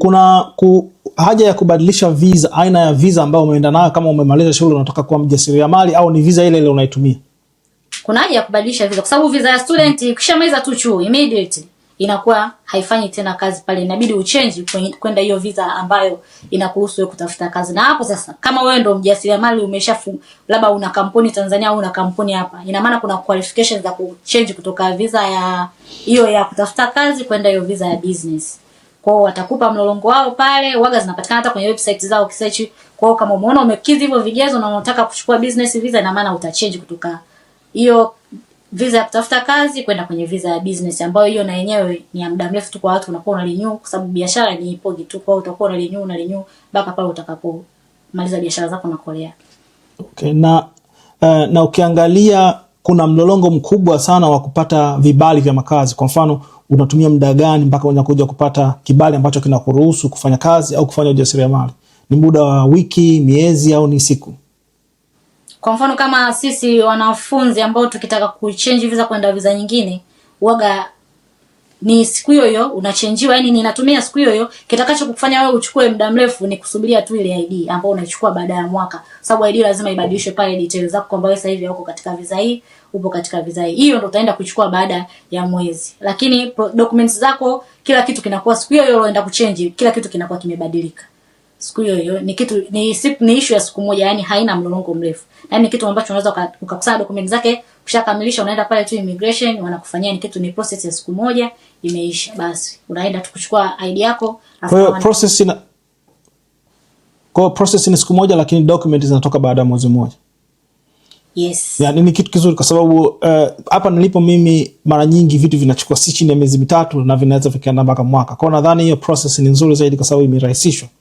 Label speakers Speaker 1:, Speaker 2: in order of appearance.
Speaker 1: kuna ku, haja ya kubadilisha visa, aina ya visa ambayo umeenda nayo kama umemaliza shule unataka kuwa mjasiriamali au ni visa ile ile unaitumia?
Speaker 2: Kuna haja ya kubadilisha visa kwa sababu visa ya student ikishamaliza tu chuo immediate inakuwa haifanyi tena kazi pale, inabidi uchange kwenda hiyo visa ambayo inakuruhusu wewe kutafuta kazi. Na hapo sasa, kama wewe ndio mjasiriamali umeshafu, labda una kampuni Tanzania au una kampuni hapa, ina maana kuna qualifications za kuchange kutoka visa ya hiyo ya kutafuta kazi kwenda hiyo visa ya business. Kwao watakupa mlolongo wao pale, waga zinapatikana hata kwenye website zao ukisearch. Kwao kama umeona umekidhi hivyo vigezo na unataka kuchukua business visa, ina maana utachange kutoka hiyo visa ya kutafuta kazi kwenda kwenye visa ya business, ambayo hiyo na yenyewe ni ya muda mrefu tu, kwa watu unakuwa renew, kwa sababu biashara ni ipogi tu, kwa utakuwa renew na renew mpaka pale utakapomaliza biashara zako na Korea.
Speaker 1: Okay, na uh, na ukiangalia kuna mlolongo mkubwa sana wa kupata vibali vya makazi. Kwa mfano, unatumia muda gani mpaka unakuja kupata kibali ambacho kinakuruhusu kufanya kazi au kufanya ujasiriamali? Ni muda wa wiki, miezi au ni siku?
Speaker 2: Kwa mfano kama sisi wanafunzi ambao tukitaka kuchange visa kwenda visa nyingine, waga ni siku hiyo hiyo unachenjiwa, yani ninatumia siku hiyo hiyo. Kitakacho kukufanya wewe uchukue muda mrefu ni kusubiria tu ile ID ambayo unaichukua baada ya mwaka, sababu ID lazima ibadilishwe pale details zako, kwamba wewe sasa hivi uko katika visa hii, upo katika visa hii. Hiyo ndio utaenda kuchukua baada ya mwezi, lakini documents zako, kila kitu kinakuwa siku hiyo hiyo unaenda kuchange, kila kitu kinakuwa kimebadilika siku hiyo hiyo. Ni kitu ni, ni issue ya siku moja, yani haina mlolongo mrefu, yani kitu ambacho unaweza ukakusanya document zake, ushakamilisha unaenda pale tu immigration wanakufanyia, ni kitu ni process ya siku moja, imeisha basi, unaenda tu kuchukua ID yako.
Speaker 1: Kwa hiyo process ina kwa process ni siku moja, lakini document zinatoka baada ya mwezi mmoja. Yes. Yaani ni kitu kizuri kwa sababu eh, hapa uh, nilipo mimi mara nyingi vitu vinachukua si chini ya miezi mitatu na vinaweza vikaenda mpaka mwaka. Kwa nadhani hiyo process ni nzuri zaidi kwa sababu imerahisishwa.